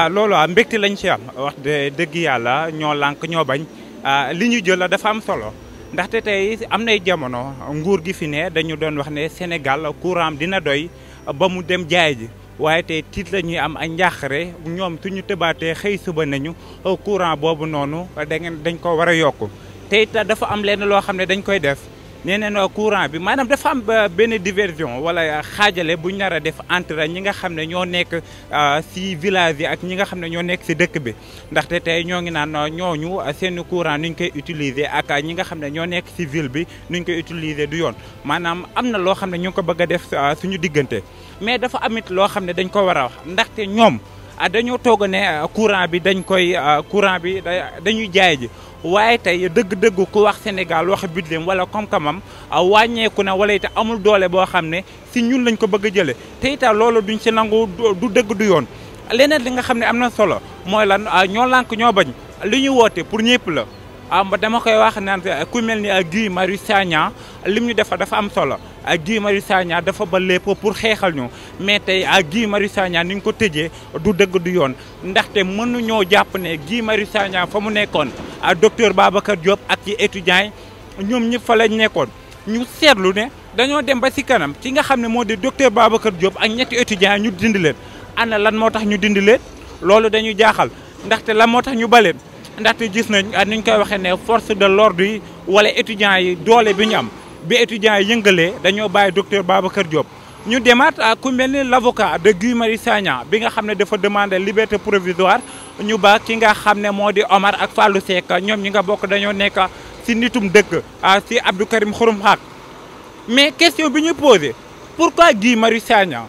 ah loolu ah mbégte lañ ci am wax dëgg yàlla ñoo lànk ñoo bañ ah, li ñu jël dafa am solo ndaxte tey am nay jamono nguur gi fi ne dañu doon wax ne Sénégal courant dina doy ba mu dem jaay ji waaye tey tiit lañuy am ay njàqare ñoom suñu tëbaatee xëy suba nañu courant boobu noonu da ngeen dañ ko war a yokk tey dafa am lenn loo xam ne dañ koy def. ñeneen courant bi maanaam dafa am euh, benn diversion wala xaajale bu ñu nar a def entre ñi nga xam ne ñoo nekk euh, si village yi ak ñi nga xam ne ñoo nekk si dëkk bi ndaxte tey ñoo ngi naan euh, ñooñu seen courant nuñ koy utiliser ak ñi nga xam ne ñoo nekk si ville bi nuñ koy utiliser du yoon maanaam am na loo xam ne ñu ngi ko bëgg a def suñu diggante mais dafa amit loo xam ne dañ ko war a wax ndaxte ñoom dañoo toog ne courant bi dañ koy courant bi dañuy jaay ji waaye tey dëgg dëggu ku wax Sénégal wax budget wala koom-koomam wàññeeku na wala it amul doole boo xam ne si ñun lañ ko bëgg a jëlee te itam loolu duñ si nangu du dëgg du yoon leneen li nga xam ne am na solo mooy lan ñoo lànk ñoo bañ li ñuy woote pour ñëpp la. ah dama koy wax naan ku mel ni euh, Guy Marius Sagna lim ñu defa dafa am solo euh, Guy Marius Sagna dafa ba léppo pour xeexal ñu mais tey euh, Guy Marius Sagna ni ñu ko tëjee du dëgg du yoon ndaxte mënuñoo jàpp ne Guy Marius Sagna fa mu nekkoon docteur Babacar Diop ak ci étudiants ñoom ñëpp fa lañu nekkoon ñu seetlu ne dañoo dem ba si kanam ci nga xam ne moo di docteur Babacar Diop ak ñetti étudiants ñu dindi leen ana lan moo tax ñu dindi leen loolu dañu jaaxal ndaxte lan moo tax ñu baleen ndaxte gis nañ ah, ni ñu koy waxee ne force de l'ordre yi wala étudiants yi doole bi ñu am bi étudiants yi yëngalee dañoo bàyyi docteur Babacar Diop. ñu demaat ah, ku mel ni l' avocat de Guy Marius Sagna bi nga xam ne dafa demandé liberté provisoire ñu ba ki nga xam ne moo di Omar ak Fallou Seck ñoom ñi nga bokk dañoo nekk si nitum dëkk ah, si Abdou Karim Xurum Xaq mais question bi ñu posé pourquoi Guy Marius Sagna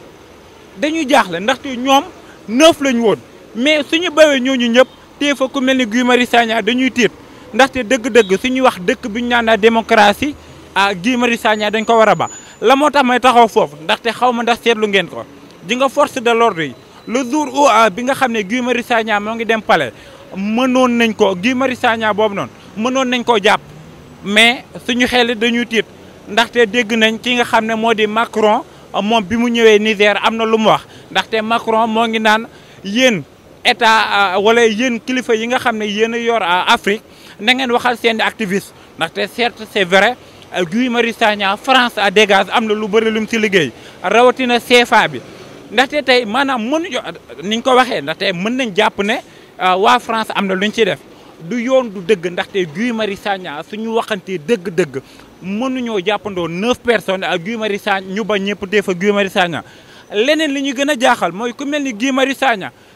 dañuy jaaxle ndaxte ñoom neuf lañu woon mais suñu bawee ñooñu ñëpp. téye fa ku mel ni Guy Marius Sagna dañuy tiit ndaxte dëgg-dëgg suñuy wax dëkk bi ñu naan la démocratie ah Guy Marius Sagna dañ ko war a ba la moo tax may taxaw foofu ndaxte xaw ma ndax seetlu ngeen ko ji nga force de l'ordre yi le jour où ah, bi nga xam ne Guy Marius Sagna moo ngi dem pale mënoon nañ ko Guy Marius Sagna boobu noonu mënoon nañ koo jàpp mais suñu xel dañuy tiit ndaxte dégg nañ ki nga xam ne moo di Macron moom bi mu ñëwee Niger am na lu mu wax ndaxte Macron moo ngi naan yéen état euh, wala yéen kilifa yi nga xam ne yéen a yor euh, Afrique na ngeen waxal seen i activiste ndaxte certes c'est vrai euh, Guy Marius Sagna France à dégage am na lu bëri lum si liggéey rawatina CFA bi ndaxte tey maanaam mënuñu ni ñu ko waxee ndaxte mën nañ jàpp ne waa France am na lu ñu ci def du yoon du dëgg ndaxte Guy Marius Sagna suñu waxantee dëgg-dëgg mënuñoo jàppandoo neuf personnes ak Guy Marius Sagna ñu ba ñëpp dee fa Guy Marius Sagna leneen li ñu gën a jaaxal mooy ku mel ni Guy Marius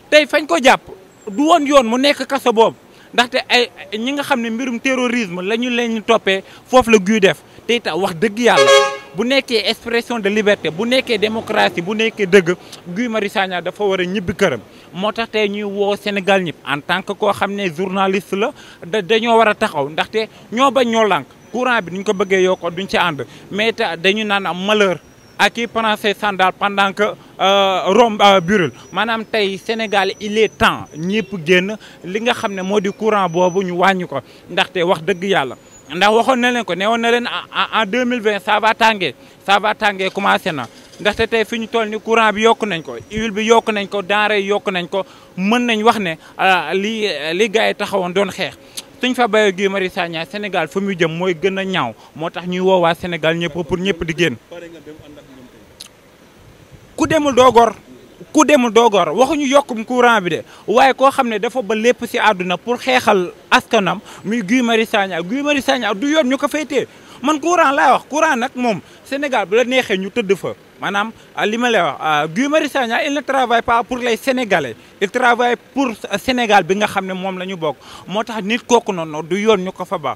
tey fañ ko jàpp du woon yoon mu nekk kaso boobu ndaxte ay ñi nga xam ne mbirum terrorisme la ñu leen toppee foofu la guy def tey ta wax dëgg yàlla bu nekkee expression de liberté bu nekkee démocratie bu nekkee dëgg Guy Marius Sagna dafa war a ñibbi këram moo tax tey ñuy woo Sénégal ñëpp en tant que koo xam ne journaliste la dañoo war a taxaw ndaxte ñoo ba ñoo lànk courant bi duñ ko bëggee yokkoo duñ ci ànd mais te dañu naan am maleur à qui prend ses sandales pendant que euh, Rome euh, brûle maanaam tey Sénégal il est temps ñëpp génn li nga xam ne moo di courant boobu ñu wàññi ko ndaxte wax dëgg yàlla ndax waxoon na leen ko newoon na leen ah, ah, en 2020 ça va tàngee ça tàngee commencé na ndaxte tey fi ñu toll ni courant bi yokk nañ ko huile bi yokk nañ ko denrée yokk nañ ko mën nañ wax ne euh, li li gars taxawoon doon xeex suñ fa bayoo Guy Marius Sagna Sénégal fa mu jëm mooy gën a ñaaw moo tax ñuy woowaa Sénégal ñëpp pour ñëpp di génn ku demul doo gor ku demul doo gor waxuñu yokkum courant bi de waaye koo xam ne dafa ba lépp si àdduna pour xeexal askanam muy Guy Marius Sagna Guy Marius Sagna du yoon ñu ko féetee man courant laay wax courant nag moom Sénégal bu la neexee ñu tëdd fa maanaam ah, li ma lay wax ah, Guy Marius Sagna il ne travaille pas pour les Sénégalais il travaille pour Sénégal bi nga xam ne moom la ñu bokk moo tax nit kooku noonu du yoon ñu ko fa ba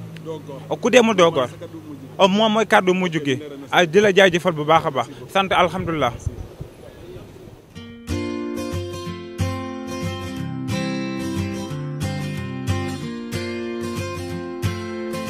Oh, ku demul doo góor oh, moom mooy kàddu mujj gi ay ah, di la jaajëfal bu baax a baax sant alhamdulilah